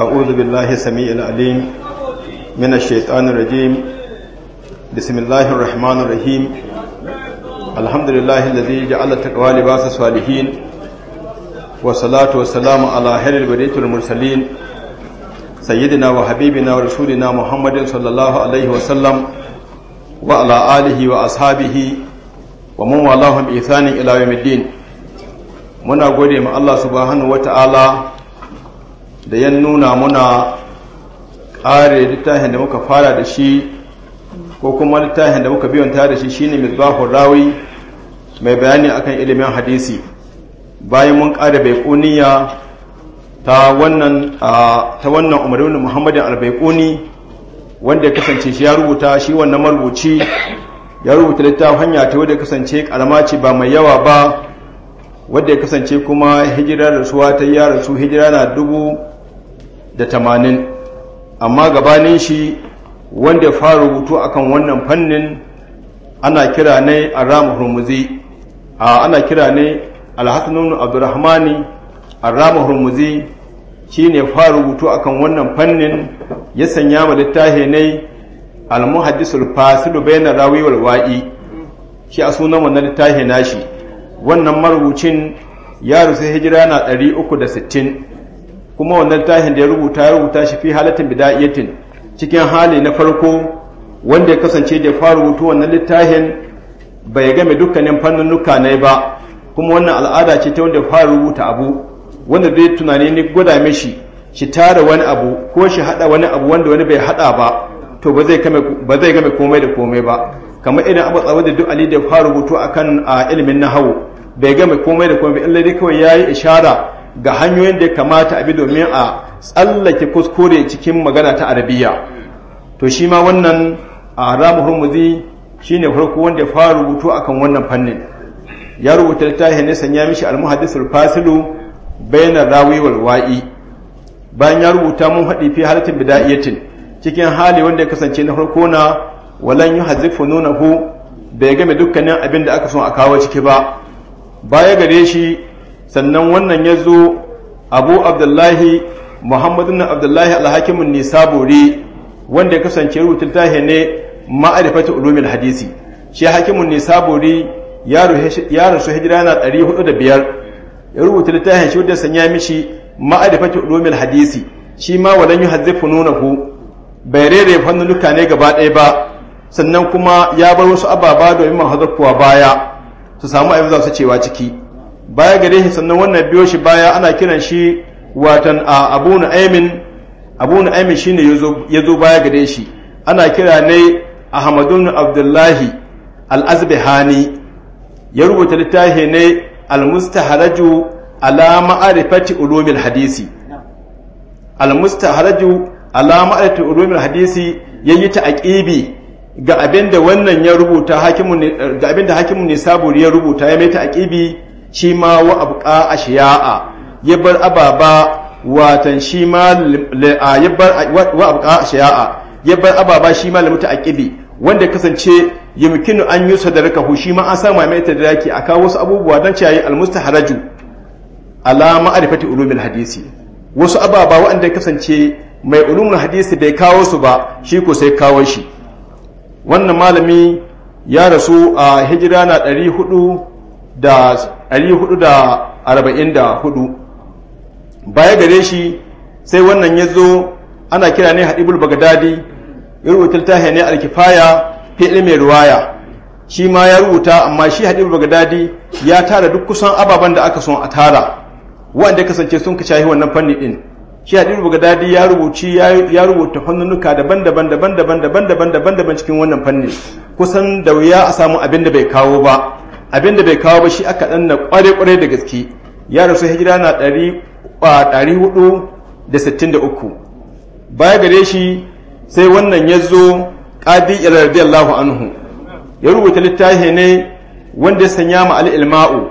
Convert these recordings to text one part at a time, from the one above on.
أعوذ بالله السميع العليم من الشيطان الرجيم بسم الله الرحمن الرحيم الحمد لله الذي جعل التقوى لباس الصالحين والصلاة والسلام على خير البرية المرسلين سيدنا وحبيبنا ورسولنا محمد صلى الله عليه وسلم وعلى آله وأصحابه ومن والاهم إحسان إلى يوم الدين muna gode ma Allah subhanahu wata'ala da ya nuna muna ƙare littafin da muka fara da shi ko kuma littafin da muka biyanta da shi shine misbahur rawi mai bayani akan ilimin hadisi bayan mun ƙare baikuniya ta wannan ta wannan umarni muhammadin albaikuni wanda ya kasance shi ya rubuta shi wannan marubuci ya rubuta littafin hanya ta wadda ya kasance karama ce ba mai yawa ba wadda ya kasance kuma hijira da suwa ta yi yara su hijira na dubu da tamanin amma gabanin shi wanda ya fara rubutu akan wannan fannin ana kira ne ramu hurmuzi ana kira ne abdurrahmani ramu hurmuzi shi ne fara rubutu akan wannan fannin ya sanya ma littafi ne almuhaddisul fasilu bayan rawi wal wa'i shi a sunan wannan littafi nashi wannan marubucin ya rusa hijira na 360 kuma wannan tahin da ya rubuta ya rubuta shi fi halatin bida'iyatin cikin hali na farko wanda ya kasance da fara rubutu wannan littahin bai game dukkanin fannunuka ne ba kuma wannan al'ada ce ta wanda fara rubuta abu wanda dai tunani ne gwada mishi shi tara wani abu ko shi hada wani abu wanda wani bai hada ba to ba zai game komai da komai ba kamar idan abu tsawo da duk ali da fara rubutu akan ilimin nahawu bai game komai da komai ba illa dai kawai yayi ishara ga hanyoyin da ya kamata abi domin a tsallake kuskure cikin magana ta arabiya to shi ma wannan a ramu hurmuzi shi ne farko wanda ya fara rubutu akan wannan fannin ya rubuta ta yi ne sanya mishi almuhaddisul fasilu bayanar rawi wa'i bayan ya rubuta mun haɗi fi halatin bida'iyatin cikin hali wanda ya kasance na farko na walan nuna nunahu bai game dukkanin abin da aka son a kawo ciki ba baya gare shi sannan wannan ya zo abu abdullahi muhammadu na abdullahi alhakimun nisaburi wanda ya kasance rubutun tahe ne ma'arifatu ulumin hadisi shi hakimun nisaburi ya rasu hijira yana 405 ya rubuta littafin shi da sanya mishi ma'arifatu ulumin hadisi shi ma walan nuna ku bai rere luka ne gaba ɗaya ba sannan kuma ya bar wasu ababa domin kuwa baya su samu abin za su cewa ciki baya gare shi sannan wannan biyo shi baya ana kiran shi watan abu aimin abu shi ne ya zo baya gare shi ana kira ne ahmadun abdullahi al-azbihani ya rubuta littafi ne al-mustaharaju ala ma'arifati ulumil hadisi al-mustaharaju ala ma'arifati ulumil hadisi yayi ta aƙibi ga abinda wannan ya rubuta hakimun ga abinda hakimun ne saburi ya rubuta ya mai ta shi ma wa abqa ya bar ababa watan shi ma ya bar wa ya bar ababa shi ma lamuta ƙibi. wanda kasance yumkinu an yi da hu shi ma an samu mai a kawo wasu abubuwa dan ciyayi haraju. ala ma'arifati ulumil hadisi wasu ababa wanda kasance mai ulumul hadisi bai kawo su ba shi ko sai kawo shi wannan malami ya rasu a hijira na 400 da 444 baya gare shi sai wannan ya zo ana kira ne hadibul bagadadi ya rubuta littafi ne alkifaya fi ilmin ruwaya shi ma ya rubuta amma shi hadibul bagadadi ya tara duk kusan ababen da aka son a tara wanda kasance sun ka shahi wannan fanni ɗin shi hadibul bagadadi ya rubuci ya rubuta fannunuka daban-daban daban-daban daban-daban daban-daban cikin wannan fanni kusan da wuya a samu abin da bai kawo ba Abin da bai kawo ba shi aka danna kware kware da gaske ya rasu hijira na 463 baya gare shi sai wannan ya zo qadi radiyallahu anhu ya rubuta littafi ne wanda ya sanya ma al-ilma'u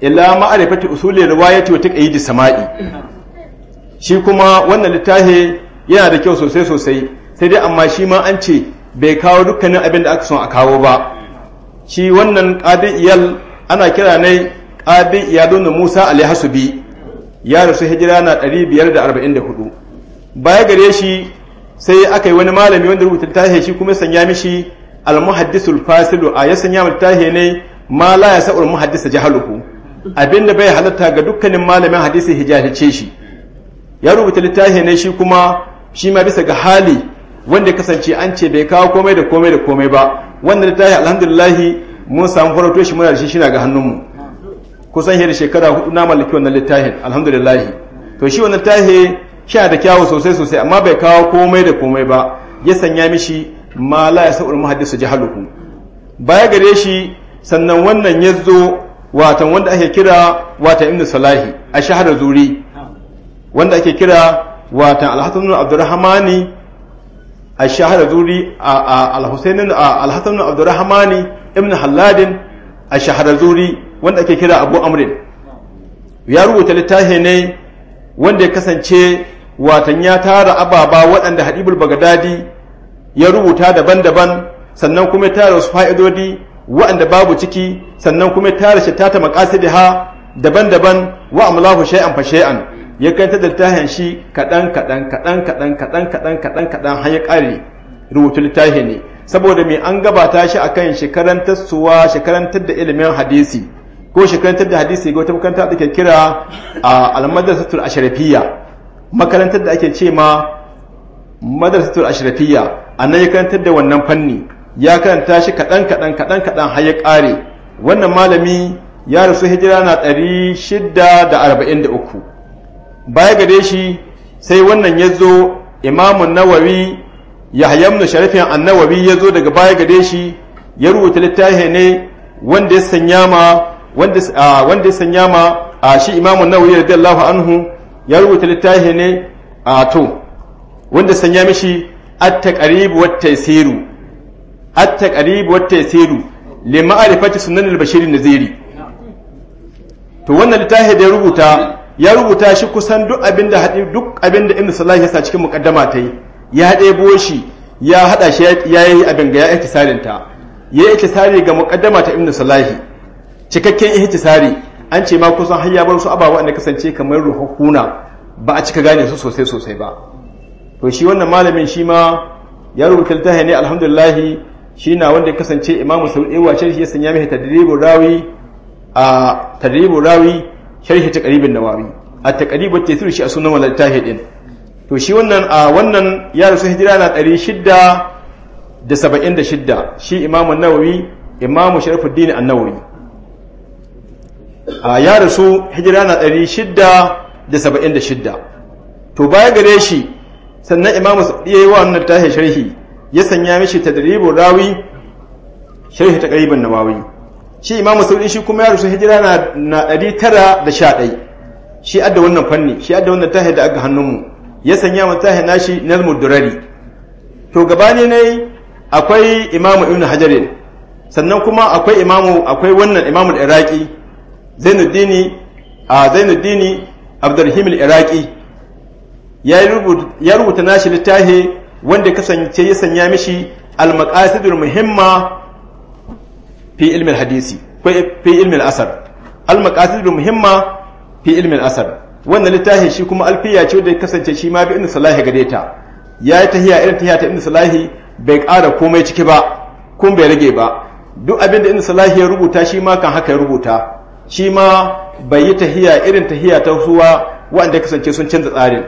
ila ma'arifati usuli riwayati wa da sama'i shi kuma wannan littafi yana da kyau sosai sosai sai dai amma shi ma an ce bai kawo dukkanin abin da aka son a kawo ba shi wannan qadiyal ana kira ne na Musa alhasubi ya rasu hijira na 544 baya gare shi sai aka yi wani malami wanda rubuta littafi shi kuma sanya mishi almuhaddisul fasilu a ya sanya littafi ne ma la ya sa'ul muhaddisa jahaluhu abinda bai halatta ga dukkanin malamin hadisi hijahice shi ya rubuta littafi ne shi kuma shi ma bisa ga hali wanda kasance an ce bai kawo komai da komai da komai ba wannan littafi alhamdulillah mun samu farautoshi shi muna da shi shi ga hannunmu kusan hiyar shekara hudu na mallaki wannan littafin alhamdulillah to shi wannan littafi sha da kyawu sosai sosai amma bai kawo komai da komai ba ya sanya mishi ma la ya sa'ul muhaddisu jahaluhu baya gare shi sannan wannan ya zo watan wanda ake kira watan ibnu salahi a shahar zuri wanda ake kira watan alhassan abdurrahmani a shahar zuri al-husainin al-hasan abdurrahmani ibn halladin a shahar zuri wanda ake kira abu amrin ya rubuta littafi ne wanda ya kasance watan ya tara ababa waɗanda hadibul bagadadi ya rubuta daban-daban sannan kuma ya tara wasu fa'idodi waɗanda babu ciki sannan kuma ya tara shi tata maƙasidi ha daban-daban wa amlahu fa shay'an ya kai ta littafin shi kaɗan kaɗan kaɗan kaɗan kaɗan kaɗan kaɗan kaɗan har ya ƙare rubutu littafi ne saboda mai an gabata shi akan shekaran tasowa shekaran da ilimin hadisi ko shekaran da hadisi ga wata makaranta da ke kira a almadrasatul ashrafiyya makarantar da ake ce ma madrasatul ashrafiyya annan ya karanta da wannan fanni ya karanta shi kaɗan kaɗan kaɗan kaɗan har ya ƙare wannan malami ya rasu hijira na ɗari shida da arba'in da uku baya gare shi sai wannan ya zo imamun nawawi ya hayyamnu sharifin annawawi ya zo daga baya gare shi ya rubuta littafi ne wanda ya sanya ma wanda ya sanya ma a shi imamun nawawi radiyallahu anhu ya rubuta littafi ne a to wanda sanya mishi at-taqrib wa at-taysiru at-taqrib wa at-taysiru li ma'rifati sunan al-bashir an-naziri to wannan littafi da ya rubuta ya rubuta shi kusan duk abin da haɗi duk abin da inda salahi ya sa cikin mukaddama ta yi ya ɗebo shi ya haɗa shi ya yi abin ga ya ihtisarin ta ya yi ihtisari ga mukaddama ta ibnu salahi cikakken ihtisari an ce ma kusan har ya bar su ababa wanda kasance kamar ruhuhuna ba a cika gane su sosai sosai ba to shi wannan malamin shi ma ya rubuta littafi ne alhamdulillah shi na wanda ya kasance imamu eh, wacce shi ya sanya mai tadribu rawi a tadribu rawi sharhi taqribin nawawi a taqrib ta tsiru shi a sunan wal tahidin to shi wannan a wannan ya rasu hijira na 676 shi imamu nawawi imamu sharifuddin an-nawawi a ya rasu hijira na 676 to baya gare shi sannan imamu sa'di yi wannan tahi sharhi ya sanya mishi tadribul rawi sharhi taqribin nawawi shi imamu saurin shi kuma ya rusu hijira na ɗari tara da sha ɗai shi adda wannan fanni shi adda wannan tahir da aka hannunmu ya sanya mu tahir na shi na mudurari to gabani ne akwai imamu ibn hajarin sannan kuma akwai imamu akwai wannan imamu iraki zainuddini a zainuddini abdurrahim iraki ya rubuta nashi littafi wanda kasance ya sanya mishi al-maqasidul muhimma fi ilmin hadisi ko fi ilmin asar al-maqasid muhimma fi ilmin asar wannan littafi shi kuma alfiya ce da kasance shi ma bi inda salahi gare ta ya yi tahiya irin tahiya ta inda salahi bai ƙara komai ciki ba kun bai rage ba duk abin da inda salahi ya rubuta shi ma kan haka ya rubuta shi ma bai yi tahiya irin tahiya ta suwa wanda ya kasance sun canza tsarin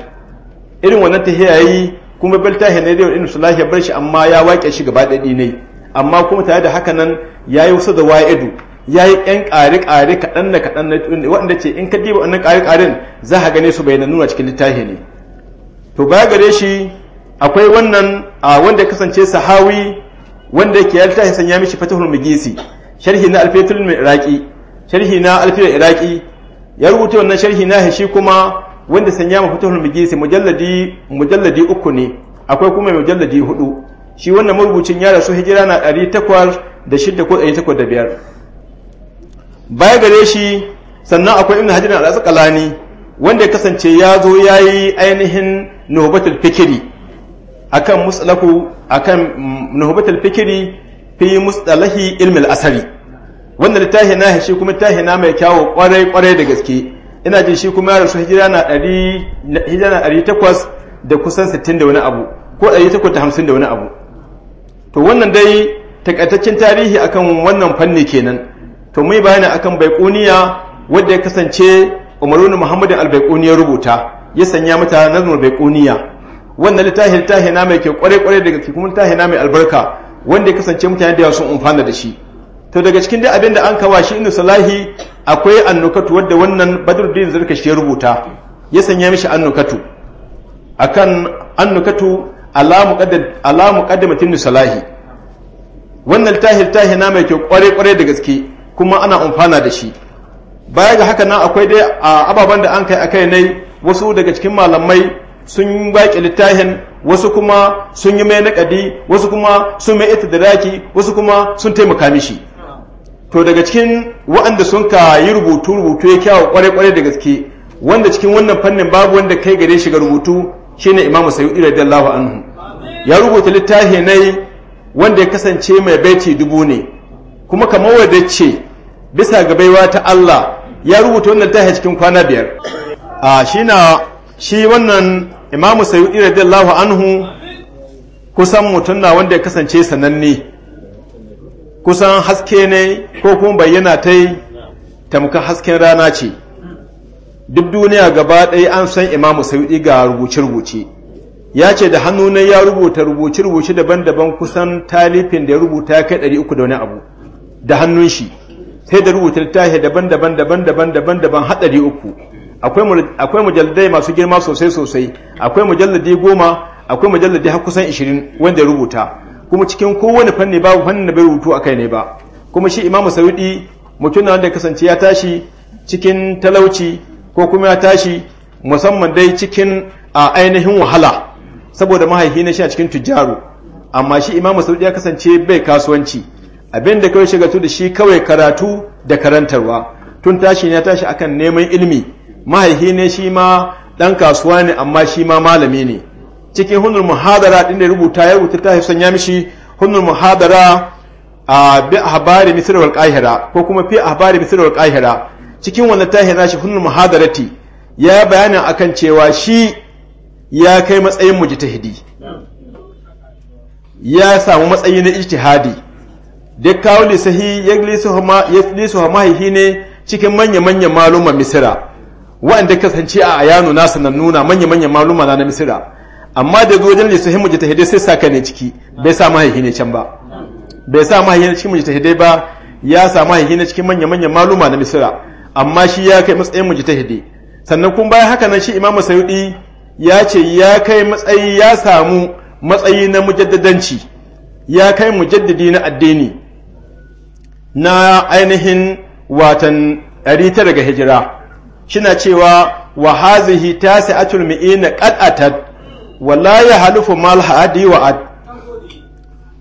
irin wannan tahiya yayi kuma bil tahiya ne da inda salahi ya bar shi amma ya waƙe shi gaba ɗaya ne amma kuma tare da haka nan ya yi wasu da wa'idu ya yi ƴan ƙare-ƙare kaɗan na kaɗan na waɗanda ce in ka diba wannan ƙare-ƙaren za a gane su na nuna cikin littafi ne to baya gare shi akwai wannan a wanda kasance sahawi wanda yake ya littafi sanya mishi fatahul mugisi sharhi na alfetul iraki sharhi na alfetul iraki ya rubuta wannan sharhi na shi kuma wanda sanya ma fatahul mugisi mujalladi mujalladi uku ne akwai kuma mujalladi hudu shi wannan marubucin ya rasu hijira na 806 ko 805 baya gare shi sannan akwai ibn hajar al-asqalani wanda ya kasance ya zo ya yi ainihin nuhubatul fikiri akan musalaku akan nuhubatul fikiri fi mustalahi ilmil asari wanda littafi na shi kuma littafi na mai kyawo kwarai kwarai da gaske ina jin shi kuma ya rasu hijira na ɗari hijira na ɗari takwas da kusan sittin da wani abu ko ɗari takwas da hamsin da wani abu to wannan dai takaitaccen tarihi akan wannan fanni kenan to mai bayani akan baikuniya wadda ya kasance umarun muhammadin albaikuni ya rubuta ya sanya mata nazmul baikuniya wannan littafi littafi mai ke kware kware daga cikin littafi na mai albarka wanda ya kasance mutane da yawa umfana amfana da shi to daga cikin dai abin da an kawa shi inda salahi akwai annukatu wadda wannan badruddin zarkashi ya rubuta ya sanya mishi annukatu akan annukatu Alamu kaddama tinu salahi wannan tahir tahi na mai kyau kware kware da gaske kuma ana amfana da shi baya ga haka nan akwai dai a ababen da an kai a kai nai wasu daga cikin malamai sun yi baƙi littahin wasu kuma sun yi mai naƙadi wasu kuma sun mai ita da daki wasu kuma sun taimaka mishi to daga cikin waɗanda sun ka yi rubutu rubutu ya kyawo kware kware da gaske wanda cikin wannan fannin babu wanda kai gare shi ga rubutu shine imamu sayyidi radiyallahu anhu ya rubuta littafi ne wanda ya kasance mai baiti dubu ne kuma kamar ce bisa ga baiwa ta Allah ya rubuta wannan littafi cikin kwana biyar a shi wannan imamu sayyidi radiyallahu anhu kusan mutum na wanda ya kasance sananne kusan haske ne ko kuma bayyana ta yi tamkar hasken rana ce duk duniya gaba ɗaya an san imamu sauɗi ga rubuce-rubuce ya ce da hannuna ya rubuta rubuce-rubuce daban-daban kusan talifin da ya rubuta ya kai ɗari uku da wani abu da hannun shi sai da rubuta littafi daban-daban daban-daban daban-daban har uku akwai mujalladai masu girma sosai-sosai akwai mujalladi goma akwai mujalladi har kusan ishirin wanda ya rubuta kuma cikin kowane fanni babu fannin da bai rubutu a kai ne ba kuma shi imamu sauɗi mutum na wanda kasance ya tashi cikin talauci ko kuma ya tashi musamman dai cikin a ainihin wahala saboda mahaifi na shi a cikin tujaru. amma shi Imam saudi ya kasance bai kasuwanci abin da kawai shiga da shi kawai karatu da karantarwa tun tashi ya tashi akan neman ilimi mahaifi ne shi ma dan kasuwa ne amma shi ma malami ne cikin hunul muhadara ɗin da rubuta ya rubuta ta son ya mishi hunul muhadara a bi ahbari misr wal qahira ko kuma fi ahbari misr wal qahira cikin wannan tahi nashi hunnu muhadarati ya bayanin akan cewa shi ya kai matsayin mujtahidi ya samu matsayi na ijtihadi Duk kawo lisahi ya lisu hihi ne cikin manya-manyan maluma misira wanda kasance a ayanu na sanan nuna manya-manyan maluma na misira amma da wajen lisahi mujtahidi sai saka ne ciki bai sa mahaihi ne can ba bai sa mahaihi ne cikin mujtahidi ba ya sa mahaihi ne cikin manya-manyan maluma na misira amma shi ya kai matsayin mujtahidi sannan kun bayan haka nan shi imamu sayudi ya ce ya kai matsayi ya samu matsayi na mujaddadanci ya kai mujaddadi na addini na ainihin watan ta daga hijira shina cewa wa hazihi tasi'atul mi'ina qad atat wala ya halufu mal hadi wa ad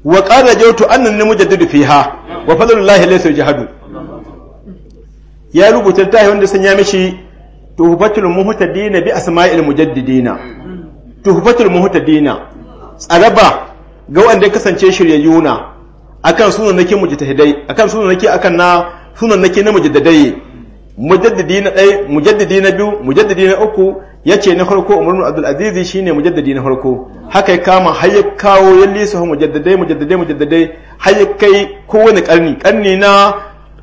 wa qad rajawtu annani mujaddidu fiha wa fadlullahi laysa jahadu ya rubuta littafi wanda ya mishi tuhfatul muhtadina bi asma'il mujaddidina tuhfatul muhtadina tsaraba ga wanda kasance shiryayuna akan sunan nake mujtahidai akan sunan nake akan na sunan nake na mujaddidai mujaddidina dai mujaddidina biyu mujaddidina uku ya ce na farko umar bin abdul aziz shine mujaddidi na farko haka ya kama har ya kawo ya lisa mujaddidai mujaddidai mujaddidai har ya kai kowane karni karni na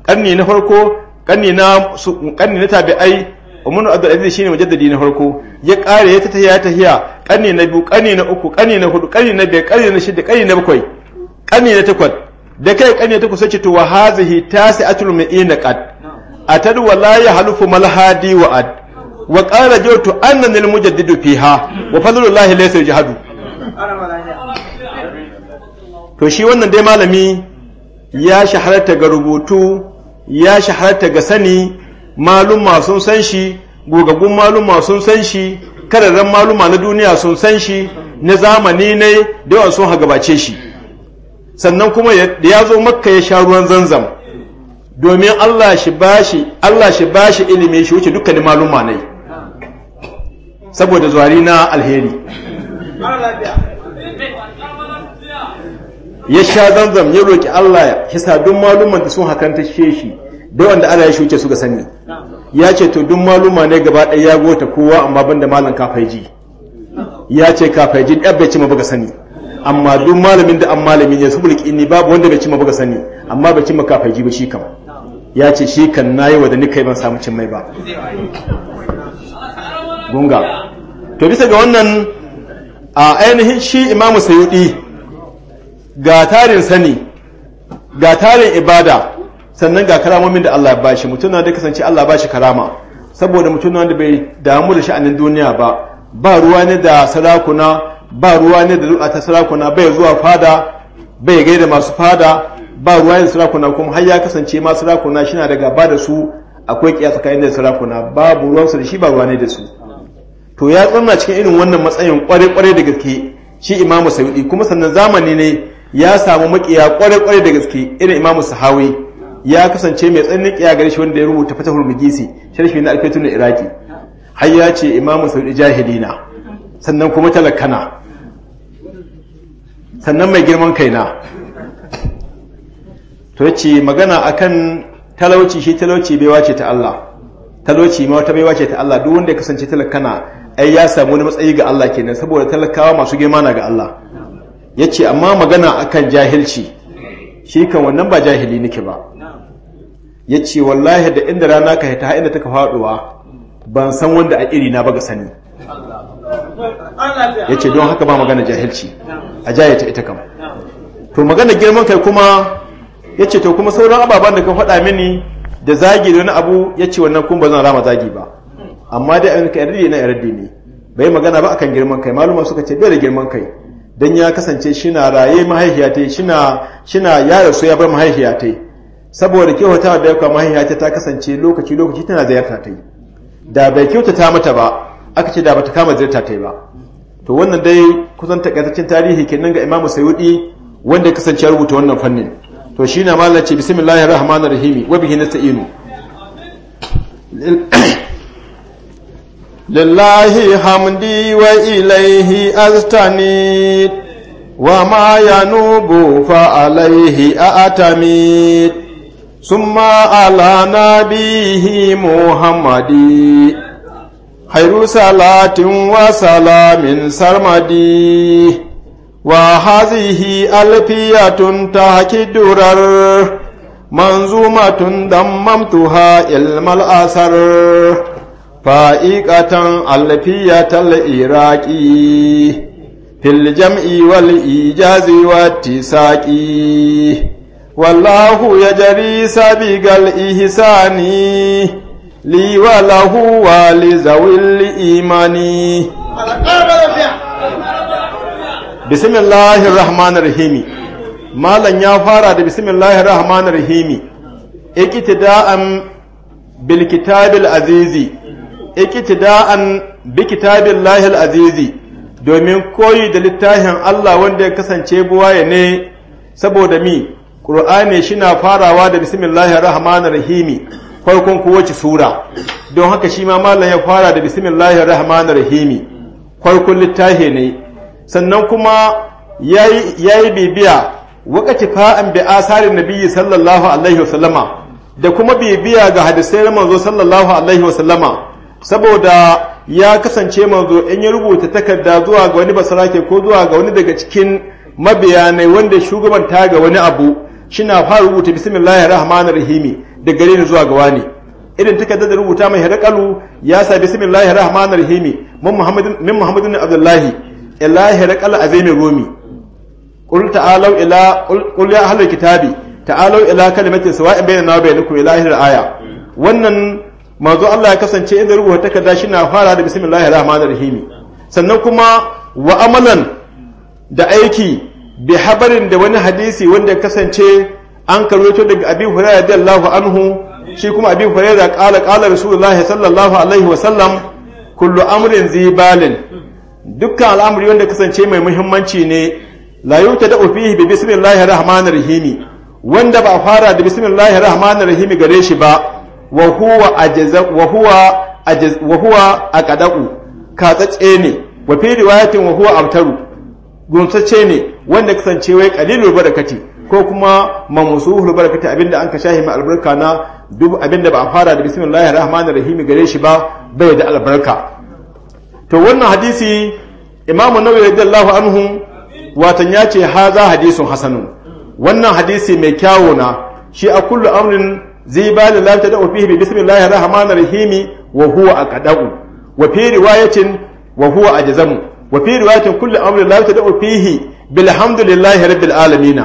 karni na farko kanni na kanni na tabi'ai umar abdul aziz shine da na farko ya kare ya tahiya tahiya kanni na biyu kanni na uku kanni na hudu kanni na biyar kanni na shida kanni na bakwai kanni na takwas da kai kanni na takwas sai to wa hazihi a mu'ina qad wala la yahlufu malhadi wa ad wa qala jawtu annani almujaddidu fiha wa fadlullahi laysa yajhadu to shi wannan dai malami ya shahararta ga rubutu ya shahararta ga sani maluma sun san shi gogaggun maluma sun san shi kararren maluma na duniya sun san shi na zamani ne da yawan sun hagabace shi sannan kuma da ya zo makka ya sha ruwan zanzam domin Allah shi bashi shi ilimi shi wuce dukkanin maluma ne saboda zuwari na alheri ya sha zanzam ya roki Allah hisa duk maluman da sun hakanta shi da wanda Allah ya shuke su ga sani ya ce to duk maluma ne gaba ɗaya ya gota kowa amma banda malam kafaiji ya ce kafaiji ɗan bai ci ma sani amma duk malamin da an malamin ya bulki inni babu wanda bai ci ma sani amma bai ci ma kafaiji ba shi kam ya ce shi kan nayi wa da ni kai ban samu cin mai ba gunga to bisa ga wannan a ainihin shi imamu sayudi ga tarin sani ga tarin ibada sannan ga karamomin da Allah ya bashi mutum na da kasance Allah bashi karama saboda mutum na da bai damu da sha'anin duniya ba ba ruwa ne da sarakuna ba ruwa ne da du'a ta sarakuna bai zuwa fada bai gaida masu fada ba ruwa ne sarakuna kuma har ya kasance ma sarakuna shi na da gaba da su akwai kiya tsakanin da sarakuna babu ruwansu da shi ba ruwa ne da su to ya tsanna cikin irin wannan matsayin kware-kware da gaske shi imamu saudi kuma sannan zamani ne ya samu makiya kware-kware da gaske irin imamu sahawi ya kasance mai tsanin kiya gare shi wanda ya rubuta fatahul bugisi sharhi na alfetun da iraki har ya ce imamu saudi jahilina sannan kuma talakana sannan mai girman kaina to ya ce magana akan talauci shi talauci baiwa ce ta Allah talauci ma wata baiwa ce ta Allah duk wanda ya kasance talakana ai ya samu wani matsayi ga Allah kenan saboda talakawa masu girma na ga Allah ya ce amma magana akan jahilci shi kan wannan ba jahili nake ba ya ce wallahi da inda rana ka haita inda ta ka faduwa ban san wanda a iri na ba ga sani ya ce don haka ba magana jahilci a jayata ita kam to magana girman kai kuma ya ce to kuma sauran ababen da ka faɗa mini da zagi da wani abu ya ce wannan kuma ba zan rama zagi ba amma dai abin ka yarda na yarda ne bai magana ba akan girman kai maluma suka ce bai da girman kai dan ya kasance shina raye mahaihiyatai shina shina ya rasu ya bar mahaifiyata saboda kyautata da yakwa mahaifiyata ta kasance lokaci lokaci tana ziyarta ta da bai kyautata mata ba aka ce da bata kama ziyarta ta ba to wannan dai kusan takaitaccen tarihi kenan ga Imam Sayyidi wanda kasance ya rubuta wannan fannin to shine mallace bismillahir wa bihi nasta'inu لله حمدي وإليه أستنيد وما ينوب فعليه أعتمد ثم على نبيه محمد خير صلاة وسلام سرمدي وهذه ألفية تحكي درر منظومة دممتها علم الأثر fa'iƙatan allafiya talla iraki fil jam'i wal ijazi wa tisaƙi wallahu ya jari sabigal ihsani li wa lahu wa li zawil imani bismillahir rahmanir rahimi malan ya fara da bismillahir rahmanir rahimi iqtida'an bil kitabil azizi iktida'an bi kitabillahi al-azizi domin koyi da littafin Allah wanda ya kasance buwaye ne saboda mi Qur'ani shina farawa da bismillahir rahmanir rahimi farkon kowace sura don haka shi ma malam ya fara da bismillahir rahmanir rahimi farkon littafi ne sannan kuma yayi yayi bibiya wakati fa'an bi asarin nabiyyi sallallahu alaihi wasallama da kuma bibiya ga hadisai manzo sallallahu alaihi wasallama saboda ya kasance manzo in ya rubuta takarda zuwa ga wani basarake ko zuwa ga wani daga cikin mabiyanai wanda shugabanta ga wani abu shina fara rubuta bismillahir rahmanir rahim da gare ni zuwa ga wani irin takarda da rubuta mai harakalu ya sa bismillahir rahmanir rahim mun muhammadin min muhammadin abdullahi ilahi rakal azimi rumi qul ta'alu ila qul ya ahlul kitabi ta'alu ila kalimatin sawa'in bainana wa bainakum ilahi aya wannan manzo Allah ya kasance inda rubuta takarda shi na fara da bismillahir rahmanir rahim sannan kuma wa amalan da aiki bi habarin da wani hadisi wanda kasance an karwato daga abi hurairah radiyallahu anhu shi kuma abi hurairah qala qala Rasulullah sallallahu alaihi wa sallam kullu amrin zibalin dukkan al'amuri wanda kasance mai muhimmanci ne la yutada fihi bi bismillahir rahmanir rahim wanda ba fara da bismillahir rahmanir rahim gare shi ba wa huwa a wa ne wa fi riwayatin wa huwa abtaru Gunsace ne wanda kasance wai qalilul barakati ko kuma mamsuhul barakati abinda an ka shahi hima albarka na duk abinda ba a fara da bismillahir rahmanir rahimi gare shi ba bai da albarka to wannan hadisi imamu nawawi radiyallahu anhu watan ya ce haza hadisun hasanun wannan hadisi mai kyawuna shi a kullu amrin zibani la da fihi bi bismillahir rahmanir rahim wa huwa aqda'u wa fi riwayatin wa huwa ajzamu wa fi riwayatin kullu amrin da tad'u fihi bilhamdulillahi rabbil alamin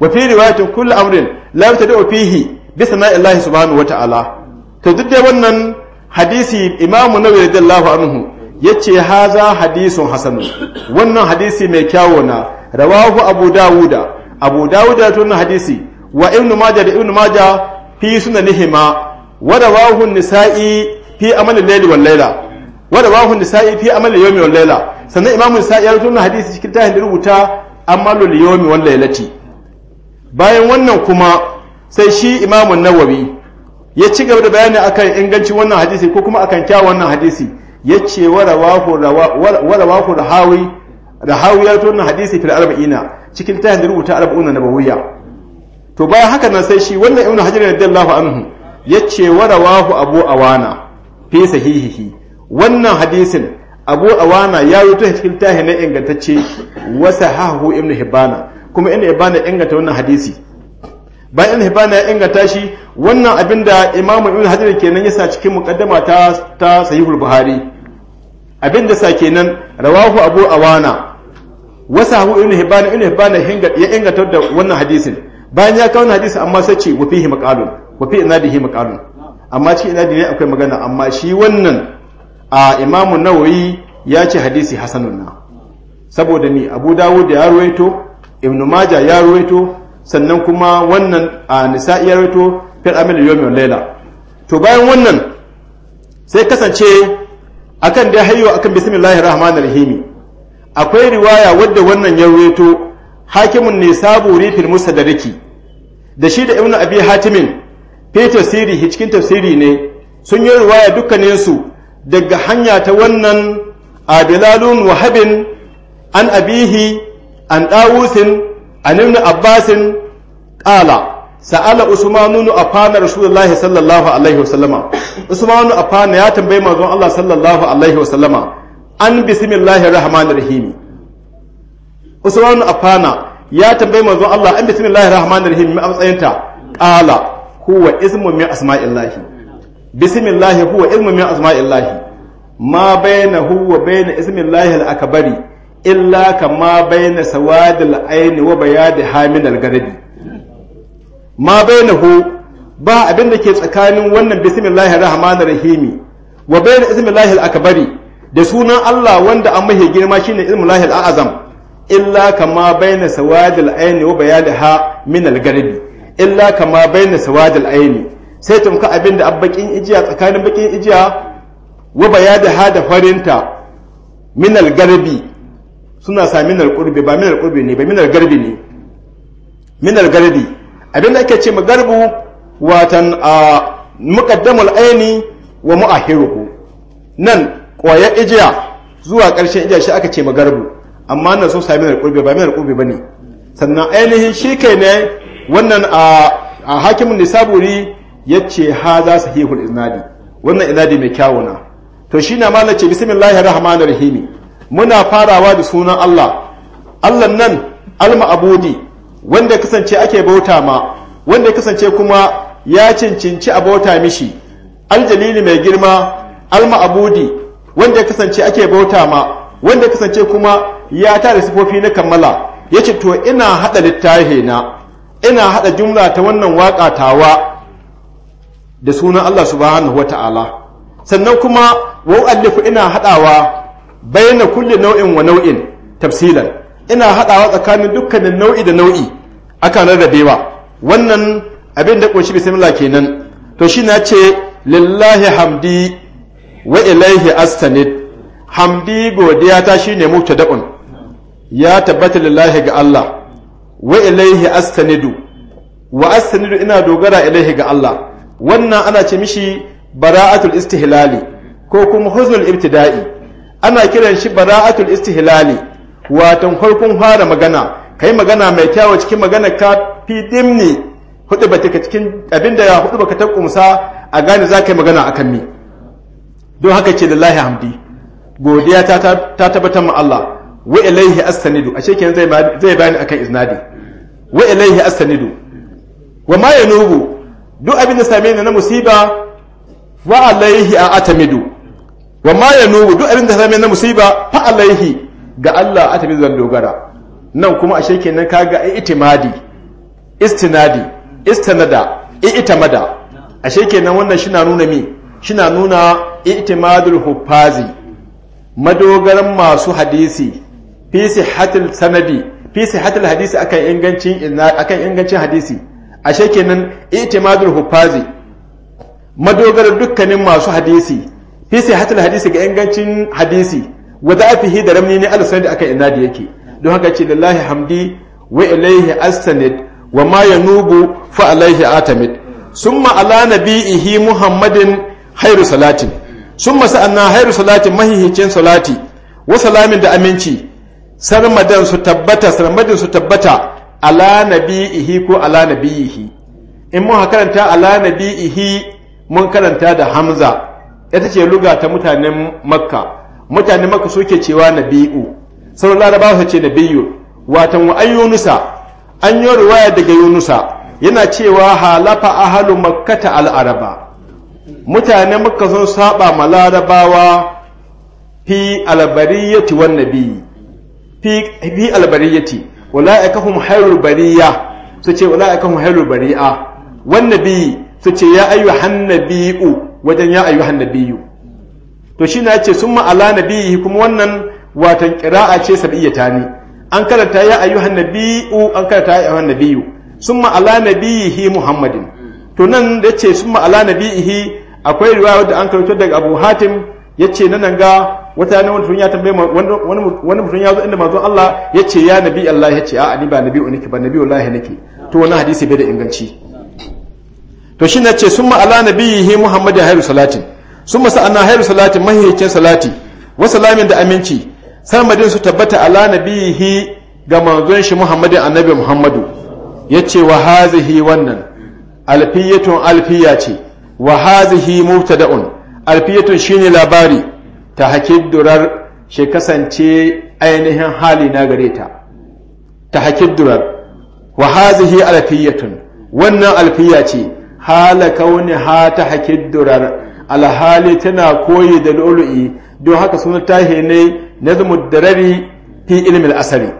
wa fi riwayatin kullu amrin la tad'u fihi bi sana'illahi subhanahu wa ta'ala to duk dai wannan hadisi imamu nawawi radiyallahu anhu yace haza hadisun hasan wannan hadisi mai kyawo na rawahu abu dawuda abu dawuda tun hadisi wa ibnu majah da ibnu majah fi sunanihima wa rawahu nisai fi amal al-layli wal layla wa rawahu nisai fi amal al-yawmi wal layla sannan imamu nisa'i ya rubuta hadisi cikin tahin rubuta amal al-yawmi wal laylati bayan wannan kuma sai shi imamu nawawi ya ci gaba da bayani akan ingancin wannan hadisi ko kuma akan kyawun wannan hadisi yace wa rawahu wa rawahu rahawi rahawi ya rubuta hadisi fil arba'ina cikin tahin rubuta arba'una nabawiyya to bayan haka nan sai shi wannan ibnu hajar radiyallahu anhu yace wa rawahu abu awana fi sahihihi wannan hadisin abu awana ya yi ta cikin tahi na ingantacce wa sahahu ibnu hibana kuma ibnu hibana inganta wannan hadisi bayan ibnu hibana ya inganta shi wannan abinda imamu ibnu hajar kenan yasa cikin muqaddama ta ta sahihul buhari abinda sa kenan rawahu abu awana wa sahahu ibnu hibana ibnu hibana ya inganta wannan hadisin bayan ya kawo hadisi amma sai ce wa fihi maqalun wa fi inadihi maqalun amma cikin inadi ne akwai magana amma shi wannan a imamu nawawi ya ce hadisi hasanun na saboda ni abu dawud ya ruwaito ibnu maja ya ruwaito sannan kuma wannan a nisa ya ruwaito fil amil wal layla to bayan wannan sai kasance akan da hayyo akan bismillahir rahmanir rahim akwai riwaya wadda wannan ya ruwaito hakimun ne saburi fil musadariki da shi da ibnu abi hatimin fi tafsiri cikin tafsiri ne sun yi ruwaya dukkaninsu daga hanya ta wannan abilalun wahabin an abihi an dawusin an ibn abbasin qala sa'ala usmanun afana rasulullahi sallallahu alaihi wasallama usmanu afana ya tambayi manzon Allah sallallahu alaihi wasallama an bismillahir rahmanir rahim usman afana ya tambayi manzon Allah an bismillahir rahmanir rahim a matsayinta qala huwa ismun min asma'illahi bismillah huwa ismun min asma'illahi ma huwa wa bain ismillahi al-akbari illa kama baina sawadil aini wa bayadi hamin al-garabi ma hu ba abin da ke tsakanin wannan bismillahir rahmanir rahim wa bain ismillahi al-akbari da sunan Allah wanda an mahe girma shine ismullahi al-azam illa kama baina sawadil aini wa bayadaha min al-garbi illa kama baina sawadil aini sai tumka abinda abbakin ijiya tsakanin bakin ijiya wa bayadaha da farinta min al-garbi suna sa min al-qurbi ba min al-qurbi ne ba min al-garbi ne min al abin abinda ake ce magarbu watan a muqaddamul aini wa mu'ahiruhu nan ƙwayar ijiya zuwa ƙarshen ijiya shi aka ce magarbu amma nan sai mai alƙurbe ba mai alƙurbe ba ne sannan ainihin shi kai ne wannan a hakimin nisaburi ya ce ha za su hihul iznadi wannan iznadi mai kyawuna to shi na mana ce bismillahir rahmanir rahimi muna farawa da sunan Allah Allah nan al-ma'budi wanda kasance ake bauta ma wanda kasance kuma ya cincinci a bauta mishi aljalili mai girma al-ma'budi wanda kasance ake bauta ma wanda kasance kuma ya tare sifofi na kammala Ya ce to ina haɗa littafi na ina haɗa jumla ta wannan waƙa tawa da sunan Allah subhanahu ta'ala sannan kuma wau allifu ina haɗawa bayyana kulle nau'in wa nau'in tafsilan ina haɗawa tsakanin dukkanin nau'i da nau'i aka rarrabewa wannan abin da kunshi bismillah kenan to shi na ce lillahi hamdi wa ilaihi astanid hamdi godiya ta shine mubtada'un ya tabbata lillahi ga Allah wa ilaihi astanidu wa astanidu ina dogara ilaihi ga Allah wannan ana ce mishi bara'atul istihlali ko kuma huznul ibtida'i ana kiran shi bara'atul istihlali watan farkon fara magana kai magana mai kyawu cikin magana ka fi dimni hudu ba ka cikin abinda ya hudu baka ta kumsa a gane za ka yi magana akan mi don haka ce lillahi hamdi godiya ta tabbatar ma Allah wa ilaihi astanidu ashe kenan zai zai bani akan isnadi wa ilaihi astanidu wa ma yanubu duk abin da same ni na musiba wa alaihi a atamidu wa ma yanubu duk abin da same ni na musiba fa alaihi ga Allah atamidu zan dogara nan kuma ashe kenan kaga itimadi istinadi istanada i'tamada ashe kenan wannan shina nuna mi shina nuna i'timadul hufazi madogaran masu hadisi fi sihhatil sanadi fi sihhatil hadisi akan ingancin akan ingancin hadisi ashe kenan itimadul hufazi madogarar dukkanin masu hadisi fi sihhatil hadisi ga ingancin hadisi wa da'afihi da ramni ne al sanadi akan inadi yake don haka ce lillahi hamdi wa ilaihi sanad wa ma yanubu fa alaihi atamid summa ala nabiihi muhammadin khairu salatin summa sa'anna khairu salatin mahihicin salati wa salamin da aminci sarmadan su tabbata sarmadan su tabbata ala nabihi ko ala nabiihi in mun karanta ala nabiihi mun karanta da hamza ita ce luga ta mutanen makka mutanen makka suke cewa nabi'u sauran larabawa su ce nabiyu watan wa yunusa an yi riwaya daga yunusa yana cewa halafa ahalu makkata al'araba mutane makka sun saba ma larabawa fi albariyati wan nabiyyi fi albariyati wala'ikahum hayrul bariya su ce wala'ikahum hayrul bari'a wannabi su ce ya ayyuhan biyu. wajen ya ayyuhan biyu. to shi na ce summa ala nabiyyi kuma wannan watan qira'a ce sab'iyata ne an karanta ya ayyuhan biyu. an karanta ya ayyuhan nabiyyu summa ala nabiyhi muhammadin to nan da ce summa ala nabiyhi akwai riwaya da an karanta daga abu hatim yace na nan ga wata ne wani mutum ya tambaye wani mutum ya zo inda mazo Allah yace ya nabi Allah ya ce a ni ba nabi nake ba nabi ya nake to wani hadisi bai da inganci to shi na ce summa ala nabiyihi muhammad ya hairu salatin masa sa'anna hairu salatin mahaikin salati wa salamin da aminci sarmadin su tabbata ala nabiyihi ga manzon shi muhammadin annabi muhammadu yace wa hazihi wannan alfiyatun alfiya ce wa hazihi mubtada'un alfiyatun shine labari ta haƙi durar shi kasance ainihin hali na gare ta ta haƙi durar wa hazihi alfiyatun wannan alfiya ce hala kauni ha ta haƙi durar alhali tana koyi da lulu'i don haka suna tahi ne nazmu darari fi ilmin asari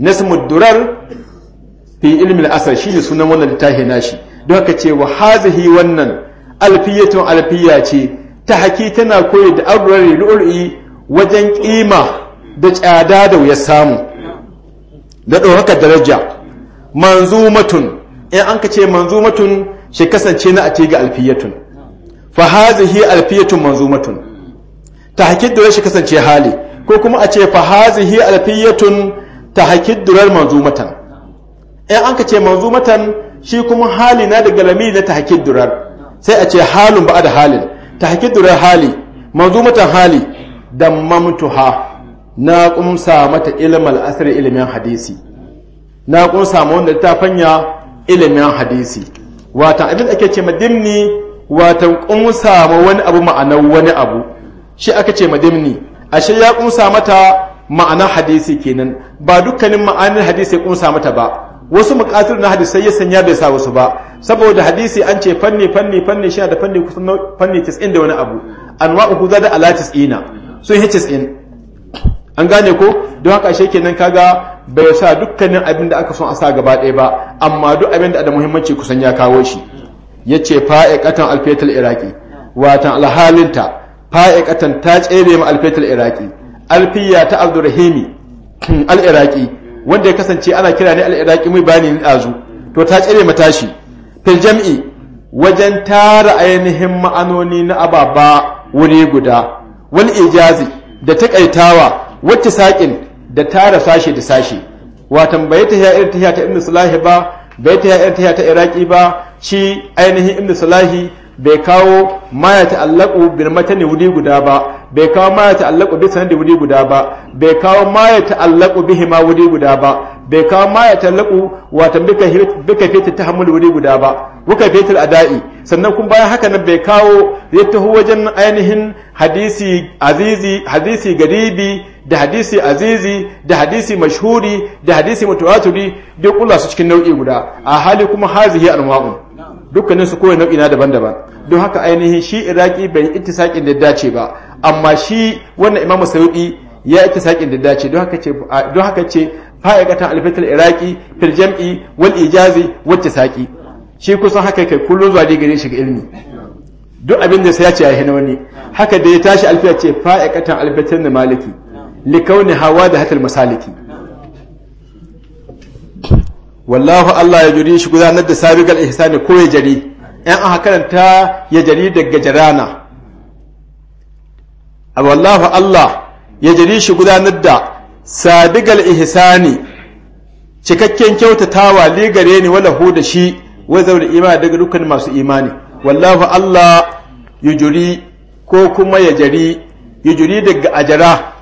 nazmu durar fi ilmin shi ne sunan wannan na shi don haka ce wa hazihi wannan alfiyatun alfiya ce ta haƙi tana koyi da abubuwar lu'ul'i wajen ƙima da tsada da wuyar samu da ɗaukaka daraja manzumatun in an ka ce manzumatun shi kasance na a ce ga alfiyatun fa hazihi alfiyatun manzumatun ta haƙi durar shi kasance hali ko kuma a ce fa hazihi alfiyatun ta haƙi durar manzumatan in an ka ce manzumatan shi kuma hali na da galami na ta haƙi durar sai a ce halin ba da halin tahqiqul hali manzumatan hali da mamtuha. na ƙunsa mata ilimin asir ilimin hadisi na ƙunsa wanda ta fanya ilimin hadisi watan abin ake ce madimni watan ƙunsa ma wani abu ma'anar wani abu shi aka ce madimni ashe ya ƙunsa mata ma'anar hadisi kenan ba dukkanin ma'anar hadisi ya kumsa mata ba wasu mukatir na hadisai ya sanya bai sa wasu ba saboda hadisi an ce fanni fanni fanni shi da fanni kusan fanni 90 da wani abu anwa'uhu da ala 90 sun yi 90 an gane ko don haka shi kenan kaga bai sa dukkanin abin da aka son a sa gaba ɗaya ba amma duk abin da da muhimmanci kusan ya kawo shi yace fa'iqatan alfetal iraqi watan alhalinta fa'iqatan ta tsere ma alfetal iraqi alfiya ta abdurrahimi al-iraqi wanda ya kasance ana kira ne al'iraƙi mai bani ɗazu to ta tsere matashi fil jam'i wajen tara ainihin ma'anoni na ababa wuri guda wani ijazi da takaitawa wacce saƙin da tara sashe da sashe Watan bai ta ta ta ibn ba bai ta irin ta ta ba shi ainihin ibn sulahi bai kawo ma ya ta'allaqu bil matani wuri guda ba bai kawo ma ya ta'allaku bi sanadi wuri guda ba bai kawo ma ya ta'allaku bihi ma wuri guda ba bai kawo ma ya ta'allaku wata bika fita ta hamul wuri guda ba wuka fita ada'i sannan kuma bayan haka nan bai kawo ya taho wajen ainihin hadisi azizi hadisi garibi da hadisi azizi da hadisi mashhuri da hadisi mutawatiri duk kula su cikin nau'i guda a hali kuma hazihi anwa'u dukkanin su kowa nau'i na daban-daban don haka ainihin shi iraki bai ittisaqin da dace ba amma shi wannan imam saudi ya yake sakin da dace don haka ce don haka ce fa'ikatan jam'i wal ijazi wacce saki shi kusan haka kai kullun zuwa da gare shi ga ilmi duk abin da sai ya ce ya hina wani haka da ya tashi alfiya ce fa'ikatan alfitul na maliki ne hawa da hatal masaliki wallahu Allah ya juri shi gudanar da sabiqal ihsani ko ya jari aka karanta ya jari daga jarana wallafa Allah ya jiri shi gudanar da sadigal ihsani cikakken kyautatawa li gare ni wala hu da shi wa zaura imani daga dukkan masu imani wallahu Allah ya jiri ko kuma ya jiri ya jiri daga ajara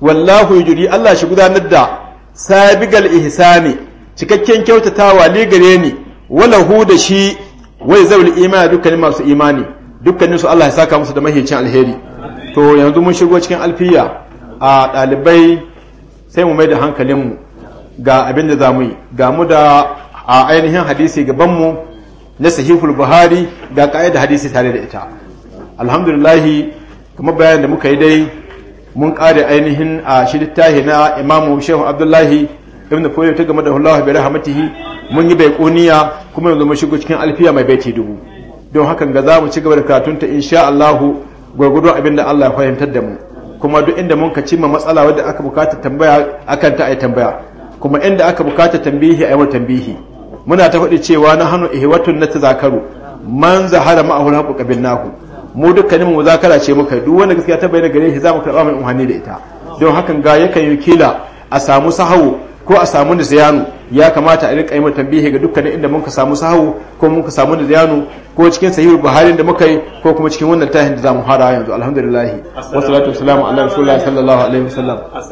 wallahu ya jiri Allah shi gudanar da sadigal ihsani cikakken kyautatawa li gare ni wala hu da shi wai zaul imani dukkanin masu imani dukkanin su Allah ya saka musu da mahicin alheri to yanzu mun shigo cikin alfiya a ɗalibai sai mu mai da hankalinmu ga abin da za mu yi ga mu da a ainihin hadisi gabanmu na sahihul buhari ga ka'ida hadisi tare da ita alhamdulillahi kuma bayan da muka yi dai mun kare ainihin a shi littahi na imamu shehu abdullahi ibn koyo ta game da hullahu bi rahmatihi mun yi bai kuniya kuma yanzu mun shigo cikin alfiya mai baiti dubu don hakan ga za mu ci gaba da karatunta insha Allahu gwargwado abin da Allah ya fahimtar da mu kuma duk inda mun ka ma matsala wadda aka bukata tambaya akan ta ai tambaya kuma inda aka bukata tambihi ai wata tambihi muna ta faɗi cewa na hannu ihwatun na tazakaru man zahara ma'ahul haqu qabil nahu mu dukkanin mu zakara ce muka duk wanda gaskiya ta bayyana gare shi za mu karɓa mai umhani da ita don hakan ga yakan yi kila a samu sahawu ko a samu ziyanu ya kamata a rika yi mata bihe ga dukkanin inda muka samu sahu ko muka samu da ziyanu ko cikin sahihul buhari da muka yi ko kuma cikin wannan tahin da zamu fara yanzu alhamdulillah wassalatu wassalamu ala rasulillah sallallahu alaihi wasallam